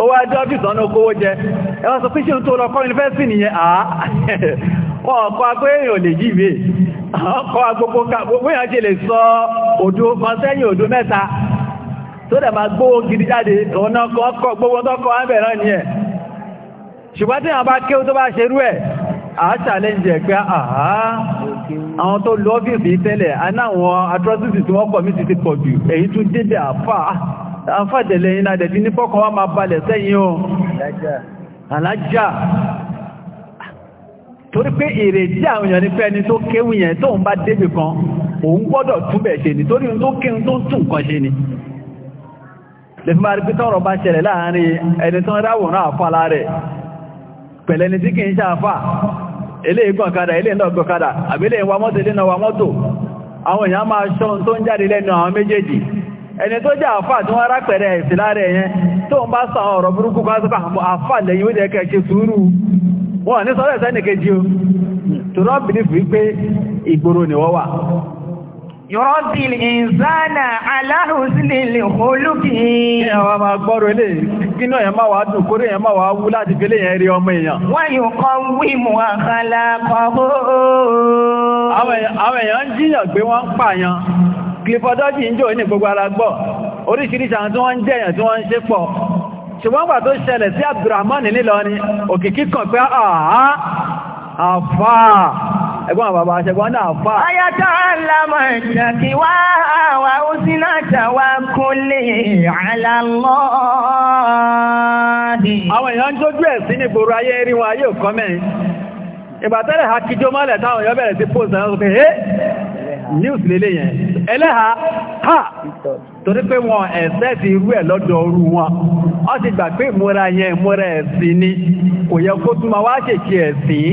S1: ó wá jọ bí ìsànà okówó jẹ ẹ wọ́n sọ pé ṣe ń tó lọ kọ́ yunifásitì nìyẹn àá wọ́n kọ́ agbó èèyàn lè jíwé ọkọ̀ agbogbo gbogbo èèyàn ṣe lè sọ òdó kan sẹ́yìn òdó mẹ́ta tó dẹ̀ máa gbówó àáṣàlẹ́jẹ̀ pé àhá àwọn tó lọ ọ́fíìsì tẹ́lẹ̀ àwọn atrocity tí wọ́n kọ̀mítì ti pọ̀ jù èyí tún débẹ̀ àfáà àfàdẹ̀lẹ̀ yìí náà dẹ̀bí ní pọ́kàn wá máa balẹ̀ sẹ́yìn o torí pé àwọn èèyàn ní pé kan òun gbọ́dọ̀ túbẹ̀ ṣe ni torí tó kéwù tó tún ṣe ni lè fi máa rí bá ṣẹlẹ̀ láàárín ẹni tó ń ráwòrán àfà pẹ̀lẹ́ni tí ele gọ̀kadà eléyìí ele gọ̀kadà àbílẹ̀ ìwà mọ́tò eléyìí náà wà mọ́tò àwọn èèyàn máa ṣọ́ tó ń jáde lẹ́nu àwọn méjèèjì ẹni tó jẹ́ àfà tí wọ́n rápẹ̀rẹ̀ ìsìláre ẹ̀yẹn tó ń bá sọ àwọn ọ̀rọ̀ burúkú bá sọ́kà àmọ́ àfà lẹ́yìn ó jẹ́ kẹ́ ṣe
S2: Yọ̀rọ̀bí ìzánà aláhùsílẹ̀ olúkì.
S1: Ní àwọn ọmọ agbọ́rọ̀ ilé, kínú ẹ̀yàn máa wà dùn kórè ẹ̀yàn máa wà wú láti fi léyàn rí ọmọ èèyàn.
S2: Wọ́n yóò kọ́ wí mú àkàlà kọ̀ọ̀kọ́. Àwọn èèyàn
S1: ń jíyàn gbé wọ́n ń pààyàn. Clifford Dodge ń jò ní gbogbo ara gbọ́. Oríṣiríṣi àwọn tí wọ́n ń jẹ́yàn tí wọ́n ń ṣe pọ̀. Ṣùgbọ́n gbà tó ṣẹlẹ̀ sí Abdulrahman nílọrin, òkìkí kàn pé àá àfáà ẹgbọ́n bàbá aṣẹ́gbọ́n náà fà. ayata lamọ ìṣàkí wá àwa ó sí náà ṣàwá kúnlẹ̀
S2: àlàmọ́. àwọn èèyàn ń jójú ẹ̀ sí ní gbòòrò ayé rí
S1: wọn ayé òkan mẹ́rin ìbàtẹ́lẹ̀ ha kíjọ mọ́lẹ̀ táwọn èèyàn bẹ̀rẹ̀ sí post náà sọ pé ẹ́ news lélẹ̀ yẹn ẹlẹ́ha ha torí pé wọn ẹ̀sẹ́ ti rú ẹ̀ lọ́dọ̀ orú wọn ó ti gbà pé ìmúra yẹn ìmúra ẹ̀sìn ni kò yẹ kó túnmọ̀ wá ṣèṣe ẹ̀sìn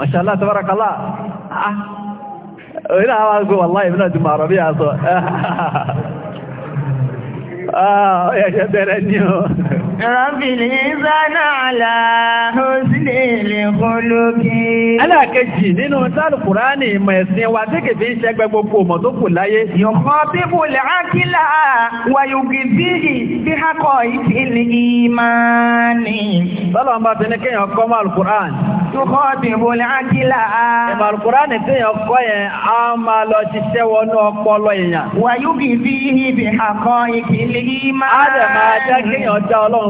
S1: ما شاء الله تبارك الله آه. هنا اقول والله ابن ادم عربي اصلا
S2: اه يا شباب النيو Rọ́bìlì zánà
S1: Alákejì nínú Sálùkùránì ìmọ̀ ẹ̀sìn wa tí kìí fi ń ṣẹgbẹ́ gbogbo ọmọ tó kù láyé. Yọ̀kọ́
S2: bíbù lẹ́ákílà wàyògì bí bí hákọ̀ ìtìlì ìmáàni. Sọ́lọ́n bá ti ní kéèyàn kọ́ kọ́
S1: máa lọ ṣiṣẹ́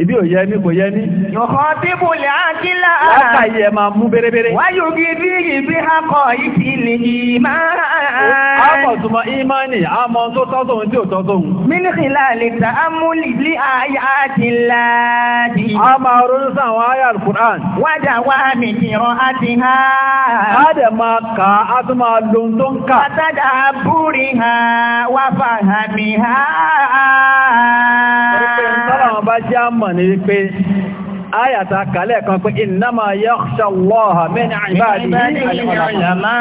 S1: Ibi ò yẹ ní kò yẹ ní. Yọ̀kọ́ bíbù lè ákílá. Látàyè ẹ̀ máa mú bérébéré. Wáyò bí bí ìbí
S2: akọ̀ ìfì lè yí máa. Àpọ̀ túnmọ̀ ìmánì, àmọ́ tó tọ́tọ̀hún tí ò tọ́tọ̀hún. Mínísìlá lè ta ámúlì lé àyà àti láàdì. A máa ronú sáwọn àyà al Wájà wá mi kìrọ̀ àti ha. A dẹ̀
S1: máa kà á, a tún máa lo tó ń kà. Àtàdà búrí ha, wá fàhàmì ha. Ó mọ̀ ní wípé áyàtà kàlẹ̀ kan pé innama yakhsha Allaha min ibadihi al-ulama.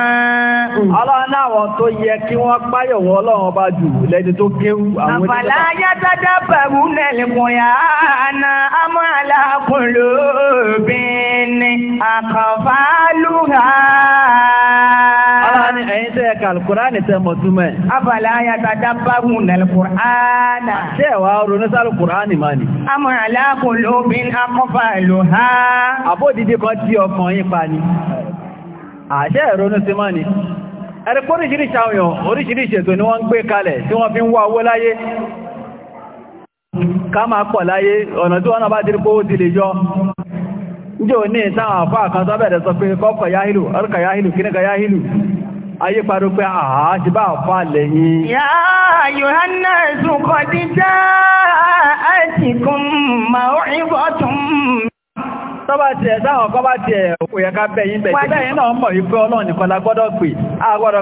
S1: Mm. Ọlọ́run àwọn tó yẹ kí wọ́n páyọ̀ wọn ọlọ́run ọba jù lẹ́ni tó
S2: kéwú àwọn ìjọba. Àfàlà yatadabbaruna al-Qur'ana am ala qulubin aqfaluha. Ọlọ́run
S1: Ṣé ẹ̀wà ronú sálù Qur'ani máa ni?
S2: Am ala qulubin aqfaluha. àmàlù
S1: ha. Àbódìdí kan tí ọkàn yín pa ni. Àṣẹ ìrònú sí mọ́ ni. Ẹ̀rẹ̀ pé oríṣiríṣi àwọn èèyàn, oríṣiríṣi ètò ni wọ́n ń gbé kalẹ̀ tí wọ́n fi ń wá owó láyé. Ká máa pọ̀ láyé, ọ̀nà tí wọ́n náà bá dirí pé ó ti lè yọ. ìtàwọn àfáà kan tó bẹ̀rẹ̀ sọ pé kọ́kọ̀ ayé parí pé àá ti lẹ́yìn. Yá Yohana Zukọ̀ dídá àti kún màá ìbọ̀tún tọ́bá ti ẹ̀ dáhùn ọkọ́ bá ti ẹ̀ òyẹ̀ká bẹ̀yìn bẹ̀ tí bẹ́yìn náà mọ̀ ìpé ọlọ́run nìkan la gbọ́dọ̀ pè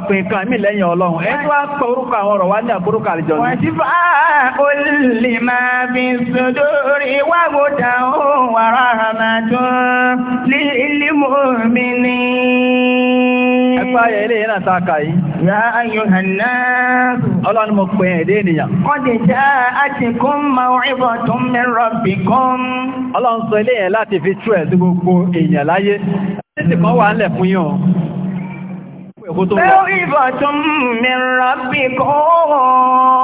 S1: pè nǹkan mí lẹ́yìn ọlọ́run wá orúkọ àwọn ọ̀rọ̀ wá ní
S2: àlejò mi ya ayuhanna. ọlọ́run mo pè é ọlọ́run sọ
S1: ilé láti fi tú ẹ̀ sí gbogbo èèyàn láyé títì kan wà ńlẹ̀ fún yàn Mẹ́rìnbọ̀tún mi rọ̀bí kó.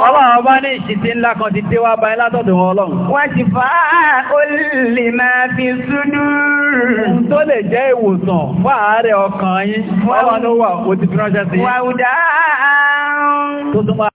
S1: Ọlọ́run bá ní ìṣìtí ńlá kan ti dé wá bá ẹ látọ̀dọ̀ wọn ọlọ́run. Wọ́n ti fà á ó lè máa fi súdú. Tó lè jẹ́ ìwòsàn fún àárẹ̀ ọkàn yín. Wọ́n
S2: wà ó ti fi ránṣẹ́ sí. Wàúdá. Tó tún máa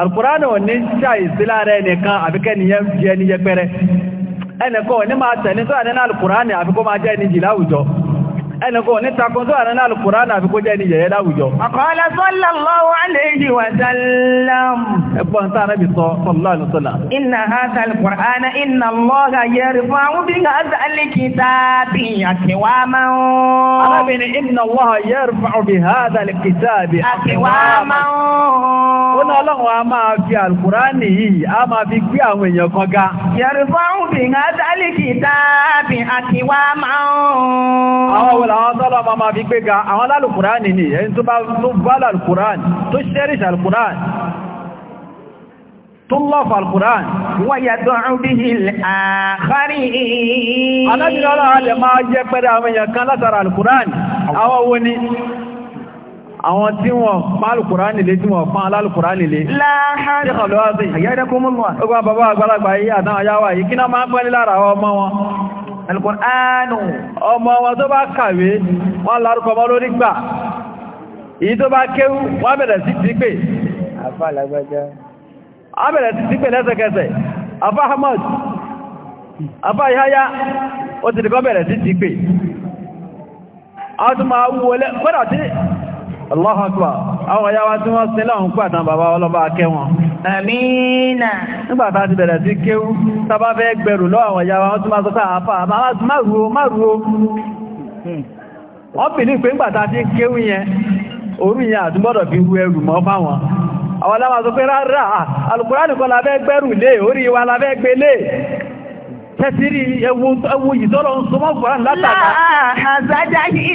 S1: alkùránà ò ní ṣàìsí lára ẹnìkan àbíkẹ́ niyẹ jẹ́ ní yẹpẹrẹ ẹnìkan ò ní máa tẹ̀lé tó àdínà alkùránà àbíkọ́ máa jẹ́ ní jìláwùjọ́ ẹnìkan ní takun tó àrin Al-Qur'an àfi kó jẹ́ ní yẹ̀yẹ́ láwùjọ. Qala a máa fi Al-Qur'an yìí a máa fi gbé àwọn èèyàn kan ga.
S2: yarfa'u bi hadha
S1: al-kitabi aqwaman. àwọn àwọn tọ́lọ ma ma fi gbé ga àwọn lálùkùránì ni ẹni tó bá lálùkùránì tó ṣẹ́rìṣ alùkùránì tó lọ́fà alùkùránì wọ́n yàtọ̀ bihi al-akhari
S2: alájúlọ́ alẹ́ máa
S1: jẹ́ pẹ́rẹ́ àwọn èèyàn kan látara alùkùránì àwọn wo ni àwọn tí wọ́n pa alùkùránì lé tí wọ́n pa alálùkùránì lé láàárín ọlọ́wọ́ alkùránù ọmọ wọn tó bá kàwé wọ́n lárúkọ mọ́ lórí gbà èyí tó bá kéwú wọ́n bẹ̀rẹ̀ sí ti pè
S2: àbẹ̀rẹ̀ sí ti
S1: Afọ lẹ́sẹ̀kẹsẹ̀ afá Ahmad afá Yahaya ó ti dìkọ́ bẹ̀rẹ̀ sí ti pè àwọn tó máa wọlé kọ́dà tí Allah akbar àwọn
S2: àmìnà
S1: nígbàtà ti bẹ̀rẹ̀ sí kéwú tàbá fẹ́ gbẹ̀rù lọ́wọ́ àwọn ìyá wa wọ́n tún máa sọ́kà àfà márùn-ún márùn-ún pé nígbàtà ti kéwú yẹn orú yẹn àtúgbọ́dọ̀ fi hu ẹrù mọ́ fáwọn tẹ́sírí ìtọ́lọ ń sọmọ́ látàkà. láàá àdéyìí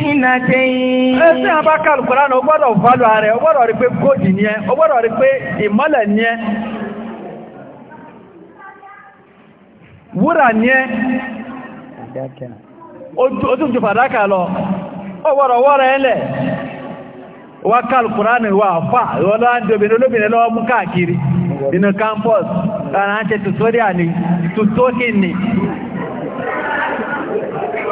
S2: fitnatayn. ẹ tí a bá ka Al-Qur'an o gbọ́dọ̀ fàlọ́ ààrẹ o gbọ́dọ̀ rí pé góòdì ní ẹ o
S1: gbọ́dọ̀ rí pé ìmọ́lẹ̀ ní ẹ wúrà ní ẹ ojú fàdákà lọ o gbọ́dọ̀ ẹlẹ̀ wá ka Al-Qur'an wà fà ìwọ́lá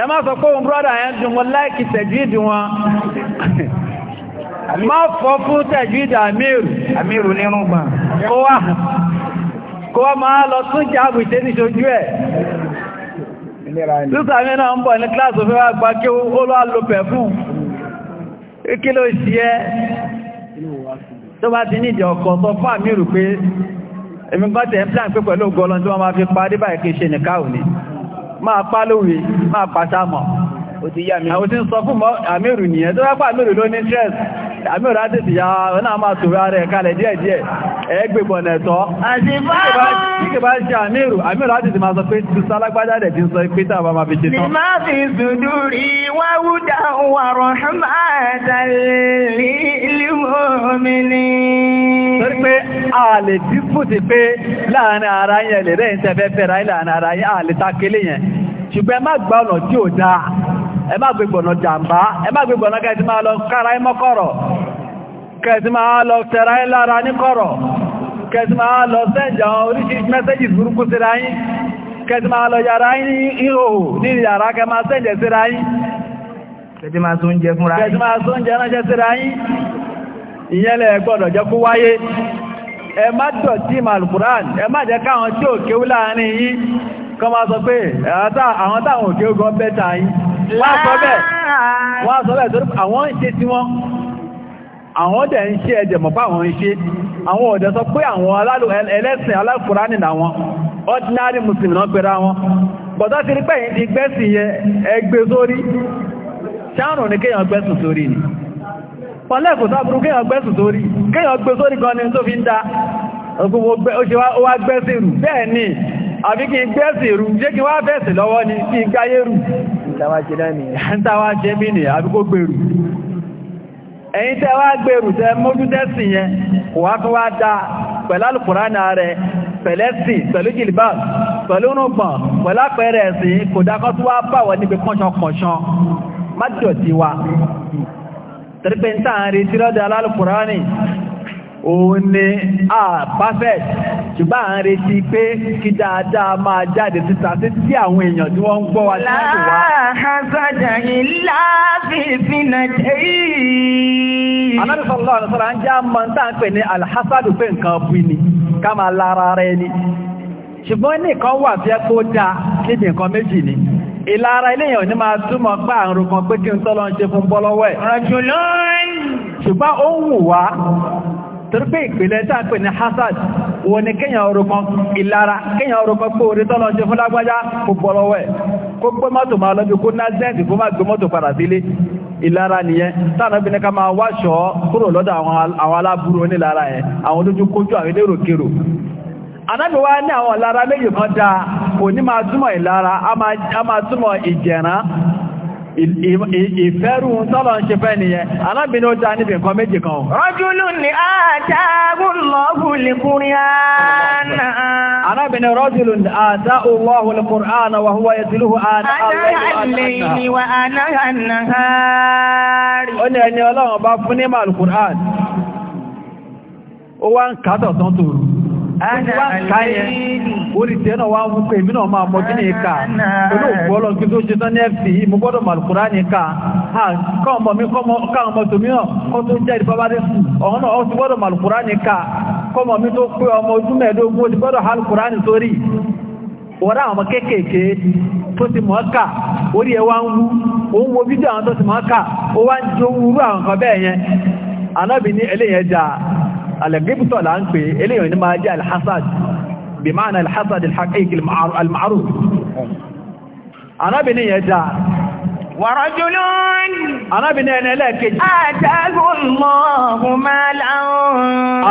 S1: ẹ má sọ pé òun brọ́dà yẹn dùn mọ́ láìkì tẹ̀júìdì wọn má fọ́ fún tẹ̀júìdì àmìrù àmìrù nínú gbà kó wà kó wà máa lọ tún jáàbù ìtẹ́ ní ṣojú ẹ̀ sísà mi náà ń bọ̀ ní kíláàsì fẹ́ wá gba kí ó lọ́ lo pẹ̀fún kí ló ṣe ẹ́ tó bá ti nídìí ọkọ̀ sọ fún àmìrù pé èmi gbọ́tẹ̀ ń plan pé pẹ̀lú ọgọ́lọ́n tí wọ́n máa fi parí báyìí kí ṣe nìkáà máa pa lóòrè máa pàtàmọ̀ àwọn tí ń sọ fún àmìrù nìyẹn tó rápá àmìrù ló ní stress àmìrù ya ọ̀nà máa tòrò ara ẹ̀ kalẹ̀ díẹ̀díẹ̀ ẹgbẹ̀gbọ̀n ẹ̀tọ́ kíkẹ̀bá ṣe àmìrù àmìrù á sọ rẹ̀
S2: ààlè dífùtì pé
S1: láàrin ara yẹn lè rẹ̀ ìtẹ́fẹ́ fẹ́ra láàrin ara yẹn ààlè takélé yẹn ṣùgbọ́n ẹ má gba ọ̀nà tí ò dáa ẹ má gbé gbọ̀nà jàmbá ẹ má gbé gbọ̀nà kẹ́ẹ̀tí máa lọ kára mọ́kọ̀rọ̀ kẹ́ẹ̀tí máa lọ tẹ̀ra lára níkọ̀rọ̀ kẹ́ẹ̀tí máa lọ sẹ́jà oríṣiríṣi mẹ́sẹ́jì burúkú síra yín kẹ́ẹ̀tí máa lọ yàrá yín ihò ní yàrá kẹ́ máa sẹ́jẹ̀ jẹ́ kó wáyé ẹ má dọ̀tí malkuran ẹ má jẹ́ káwọn tí ò kéwú láàrin máa sọ pé àwọn táwọn ò kéwú gan bẹ́ta wọ́n sọ wọ́n sọ torí àwọn tí wọ́n àwọn ń ṣe ẹjẹ̀ mọ̀pá àwọn àwọn sọ pé àwọn ẹlẹ́sìn alákùránì ordinary muslim náà wọn ti rí pẹ̀yìn ti gbẹ́sìn ẹgbẹ́ pọ̀lẹ́ kò sáàbùrú kéèyàn gbé sù sórí kéèyàn gbé sórí kan ní tó fi ń da ni àbí kí n gbé sí rù ṣé kí wá bẹ̀ẹ̀sì ni kí n gáyé rù ẹ̀yin tẹ́ wá gbèrú tẹ́ mójú tẹ́sì yẹn kò wá fún wá dá pẹ̀lú alùkùránà rẹ̀ pẹ̀lẹ́sì pẹ̀lú jìlìbà pẹ̀lú rúgbọ̀n pẹ̀lú àpẹẹrẹ kò dákọ́ tó wá bàwọ̀ níbi kọ́ṣankọ́ṣan má dọ̀tí wa tẹ́rẹ́pẹ́ ń tàn rí tírọ́dẹ̀ alálùkùránì òun ni a perfect ṣùgbọ́n à ń retí pé kí dáadáa máa jáde síta sí tí àwọn èèyàn tí wọ́n ń gbọ́ wa tí wá. ni ká máa lára rẹ ni ṣùgbọ́n nìkan wà fẹ́ kó dáa níbi nǹkan méjì ni ìlara iléyàn ní máa túmọ̀ pá àrùn kan pé kí n tọ́lọ ń ṣe fún bọ́lọ́wọ́ ẹ̀. rajulun. ṣùgbọ́n ó wù wá torí pé ìpìlẹ̀ tí a pè ní hasad wo ni kíyàn orúkan ìlara kíyàn orúkan pé orí tọ́lọ ṣe fún lágbájá kò bọ́lọ́wọ́ ẹ̀ kó gbé mọ́tò máa lọ́bí kó ná zẹ́ẹ̀tì ìlara nìyẹn tánàbí ní ká máa wáṣọ́ kúrò lọ́dọ̀ àwọn aláburú onílara yẹn àwọn olójú kójú àwọn eléròkèrò anábíwá ní àwọn ìlara méjì kan dáa kò ní máa túmọ̀ ìlara a máa túmọ̀ ìjẹ̀rán ìfẹ́rù tọ́lọ ń ṣe fẹ́ nìyẹn alábìnrin ó dá níbi nǹkan méjì kan rọ́júlù
S3: ní àtàgùnlọ́gùnlẹ̀kùnrìánà alábìnrin
S1: rọ́júlù ní àtàgùnlọ́gùnlẹ̀kùnrìánà wà húwá yẹ tìlú àná
S2: àlẹ́ ìwà àná
S1: wá ká yẹn orí tiẹ̀ wá mú pé èmi náà máa mọ kí ni ká olú òkú ọlọ́run kí tó ṣe tán ní ẹ̀fì yìí mo gbọ́dọ̀ ká ọmọ mi káwọn ọmọ tòmí náà kọ́ tó jẹ́ dé ọ̀hún náà ó ti gbọ́dọ̀ màlùkùrá ní ká kọ́mọ mi tó pé ọmọ ojú mẹ́ẹ̀ẹ́dógún ti gbọ́dọ̀ sórí àwọn tó ti ká orí ń wú wo fídíò àwọn tó ti ká ó wá ń jó wúrú àwọn kan bẹ́ẹ̀ yẹn الجبتو الآن في إليه إنما جاء الحصاد بمعنى الحصاد الحقيقي المعروف أنا بني
S2: أجاء ورجل أنا بني أنا لك أتاه الله مالا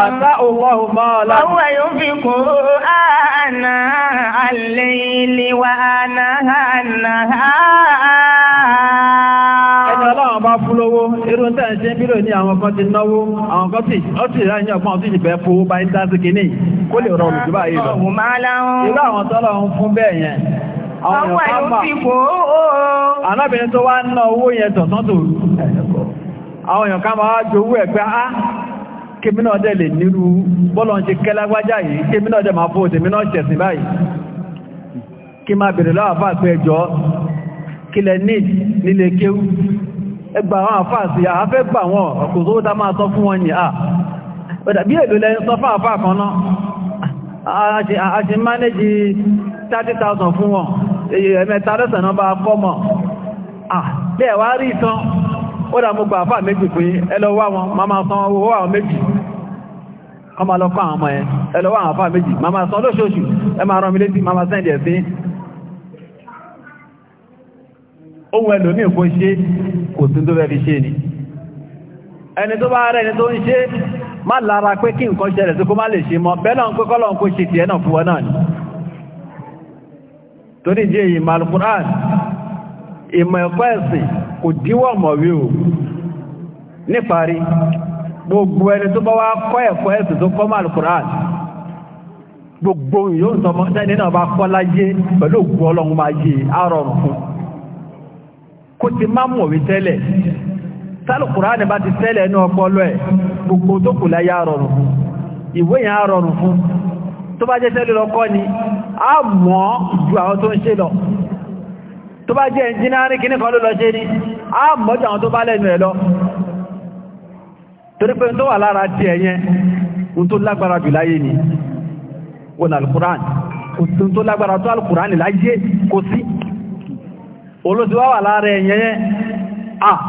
S2: أتاه الله مالا هو ينفق انا الليل وانا
S3: النهار
S2: náà bá fún lówó irú ń tẹ́ẹ̀ ṣe bílò ní àwọn
S1: kan ti náwó àwọn kan tí ó ti rá ní ọgbọ́n tí ìbẹ̀ fowó bá ń dá sí kìíní kó lè rọrùn jù báyìí lọ
S2: irú àwọn tọ́lọ̀
S1: ń fún bẹ́ẹ̀ yẹn àwọn èèyàn kan mọ̀ anábìnrin tó wá ń ná owó yẹn tọ̀tán tó àwọn èèyàn kan máa jowú ẹ̀ pé á kémi náà dẹ̀ lè nírú bọ́lọ̀ ń ṣe kẹ́lágbájá yìí kí máa ní nílé kéwú ẹgbà àwọn àfáàsì àáfẹ́ gbà wọn kò sówó tá máa sọ fún wọn ni àà ọ̀dà bí èlò lẹ́yìn sọ fún àfáà kan náà a ṣe mánéjì 30,000 fún wọn èyí ẹ̀mẹ́ta lọ́sàn náà bá kọ́ mọ̀ bẹ́ẹ̀ wá rí ìtàn ó dà mú gba àfáà méjì pé ẹlọ́wọ́ àwọn máma san owó àwọn méjì ọmọ lọ́kọ́ àwọn ọmọ ẹ ẹlọ́wọ́ àwọn àfáà méjì máma san lóṣooṣù ẹ máa rán mi létí máma sẹ́ndì ẹ̀ sí ohun ẹlòmí ìkó ṣe kò tún tó fẹ́ fi ṣe ni ẹni tó bá rẹ̀ ni tó ń ṣe má lára pé kí nǹkan ṣẹlẹ̀ tó kó má lè ṣe mọ́ bẹ́lọ̀ ń pé kọ́lọ̀ ń kó ṣe tiẹ̀ náà fún wọn náà ni torí jẹ́ ìmọ̀ ìmọ̀ ẹ̀kọ́ ẹ̀sìn kò díwọ̀ mọ̀wé o níparí gbogbo ẹni kó ti má mọ̀wé tẹ́lẹ̀ sálùkùránì bá ti tẹ́lẹ̀ ní ọpọlọ ẹ̀ gbogbo tó kù láyé àrọ̀rùn fún ìwé yẹn àrọ̀rùn fún tó bá jẹ́ tẹ́lẹ̀ lọ́kọ́ ni a mọ̀ ju àwọn tó ń ṣe lọ tó bá jẹ́ ẹnjìnárì kìíní kan ló lọ ṣe ni a mọ̀ ju àwọn tó bá lẹ́nu ẹ̀ lọ torí pé tó wà lára ti ẹ̀yẹn ohun tó lágbára jù láyé ni wọn alùkùránì ohun tó lágbára tó alùkùránì láyé kò sí olótiwáwà láàrẹ ẹ̀yẹn ah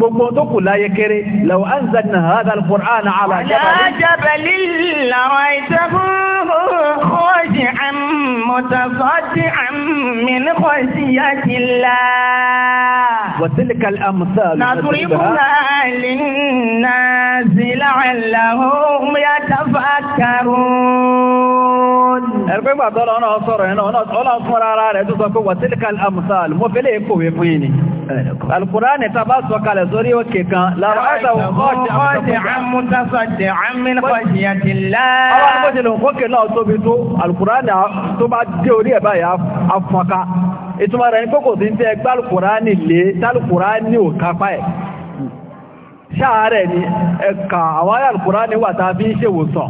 S1: بمضوك لا يكري لو أنزلنا
S2: هذا القرآن على جبل على جبل لرأيته خوشعا متصدعا من خشية الله
S1: وتلك الأمثال نطلبها
S2: للناس لعلهم يتفكرون أربي بعضنا
S1: أنا أصور هنا أنا أصور على رأيته وتلك الأمثال مو في ليه القرآن تباس وقال kalẹ̀ sórí òkè kan lára àtàwọn kọ́ọ̀tì
S2: àmútásọ̀tì àmìnkọ̀ṣìyàtìlá. Àwọn akọ́jẹ̀lẹ̀
S1: òkókè náà tóbi tó alùkùránì tó bá dé orí ẹ̀ báyìí afọ́nká. Ìtumọ̀ rẹ̀ ní kókò tí ń tẹ́ gbálùkùránì lé tálùkùránì ò kápá ẹ̀. Ṣáàrẹ̀ ni ẹ̀ka àwọn alùkùránì wà tá a fi ń ṣèwòsàn.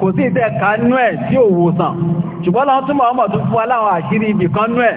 S1: Kò sí ìtẹ́ ẹ̀ka nú ẹ̀ tí ò wòsàn. Ṣùgbọ́n láwọn túnmọ̀ ọmọ tó fún aláwọn àṣírí ibì kan nú ẹ̀.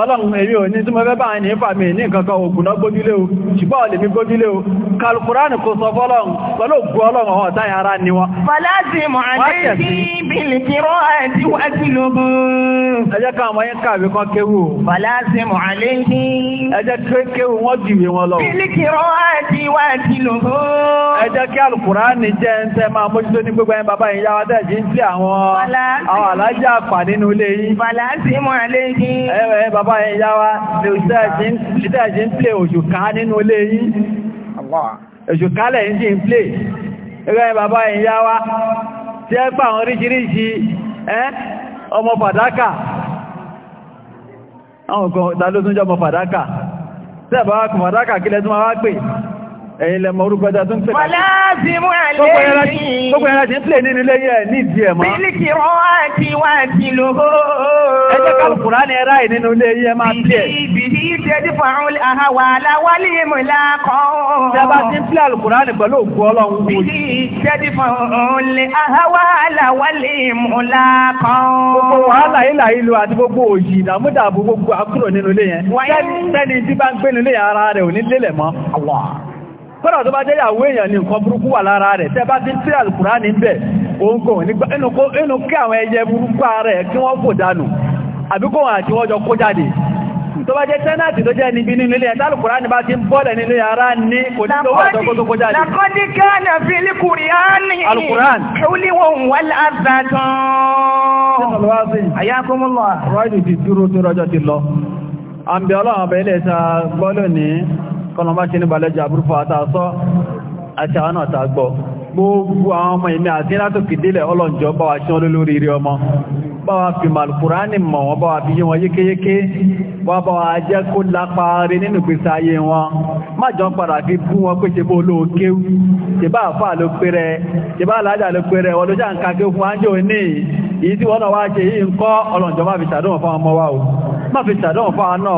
S1: ọlọ́run èrí ò tí mo fẹ́ bá ní fàmì ní kankan ògùnà gbójúlé o ṣùgbọ́n olè mi gbójúlé o kalkùránì kò sọ fọ́lọ́run pẹ̀lú ògùn ọlọ́run ọ̀họ̀ táyà ara ni wọn
S2: ẹjẹ́ ká wa
S1: tẹ́jì ń tí àwọn alájá pà nínú ilé yìí fàlásìmọ̀ bàbá yẹn yá wá ní òṣìṣẹ́ ẹ̀ṣẹ́ ń plé òṣùká nínú ilé yìí òṣùká lẹ́yìn sí ń plé ẹgbẹ́ bàbá yẹn yá wá tí ẹ pà àwọn oríṣiríṣi ọmọ fàdákà àwọn kan tàlótúnjọ ọmọ fàdákà tẹ́ẹ̀bá fàdákà kílẹ̀ tún máa wá pè ẹ̀yin lẹ́mọ̀ orúkọ ẹja tó ń pè láti.
S3: Wàláàzìmú àlẹ́yìn. Gbogbo ẹ̀rọ ti ń
S1: pè nínú ilé yẹn ní ìdí ẹ̀ mọ́. Bílíkì
S3: rán
S2: àti wá àti lò ó. Ẹ jẹ́ ká lùkùrá ni ẹ̀rá yìí nínú ilé yẹn máa pè. Bìbí ìṣẹ́jú fún àwọn àhàwà aláwálé mọ̀lá kan. Bí a bá ti ń pè àlùkùrá ni pẹ̀lú òkú ọlọ́run wò. Bìbí ìṣẹ́jú fún àwọn àhàwà aláwálé mọ̀lá kan. Gbogbo wàhálà ilà
S1: ìlú àti gbogbo òjì ìdààmúdàbò gbogbo àkúrò nínú ilé yẹn. Sẹ́ni tí bá ń gbé nínú ilé yẹn ara rẹ̀ ò ní lélẹ̀ mọ́. kọ́nà tó bá jẹ́ ìyàwó èèyàn ní nǹkan burúkú wà lára rẹ̀ tẹ́ bá ti ń tí àlùkùrá ní bẹ̀ oúnkò inú kí àwọn ẹyẹ burúkú rẹ̀ kí wọ́n fò dànù àbíkò àti wọ́n kó jáde tó bá jẹ́ tẹ́nàtì tó jẹ́ níbi nínú ilé ẹ̀tà ní bá ti ń bọ́lẹ̀ nínú yàrá ní kò tó kó jáde kọ́nà bá ṣe ní balẹ́jọ àbúrúfà àtàsọ́ àti àwọn náà tàgbọ́ gbogbo àwọn ọmọ ìmẹ́ àti látòkì délẹ̀ ọlọ́njọ́ bá wa ṣán lórí rí ọmọ bá wa fi malkùránì mọ̀ wọn bá wa fi yí wọn yékéyéké wọ́n bá wa jẹ́ kó lápáre nínú ìgbésí ayé wọn má jọ padà fi bú wọn pé ṣe bó olóòkéwú ṣe bá àfà ló pẹ́rẹ ṣe bá àlájà ló pẹ́rẹ ọlọ́jà ń ka kí fún ájò ní èyí tí wọ́n náà wá ṣe yìí ń kọ́ ọlọ́njọ́ má fi ṣàdọ́wọ̀n fáwọn ọmọ wa o má fi ṣàdọ́wọ̀n fáwọn náà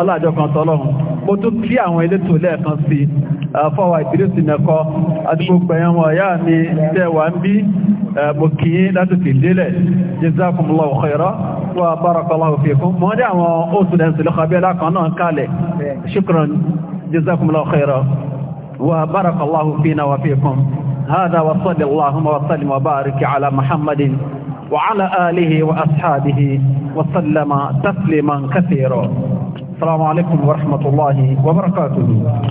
S1: ọlájọ́ kan tọ́lọ́run mo tún kí àwọn elétò lẹ́ẹ̀kan sí uh, fọ́wà ìdírísì nẹ́kọ́ àti gbogbo ọ̀yá mi tẹ́wà ń bí uh, mo kì látòkè délẹ̀ jazakumullahu khairan wa barakallahu fikum mo ní àwọn oṣù lẹ́sìn وعلى آله وأصحابه وسلم تسليما كثيرا السلام عليكم ورحمة الله وبركاته